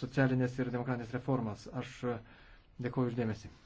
socialinės ir demokratinės reformas. Aš dėkuoju uždėmesi.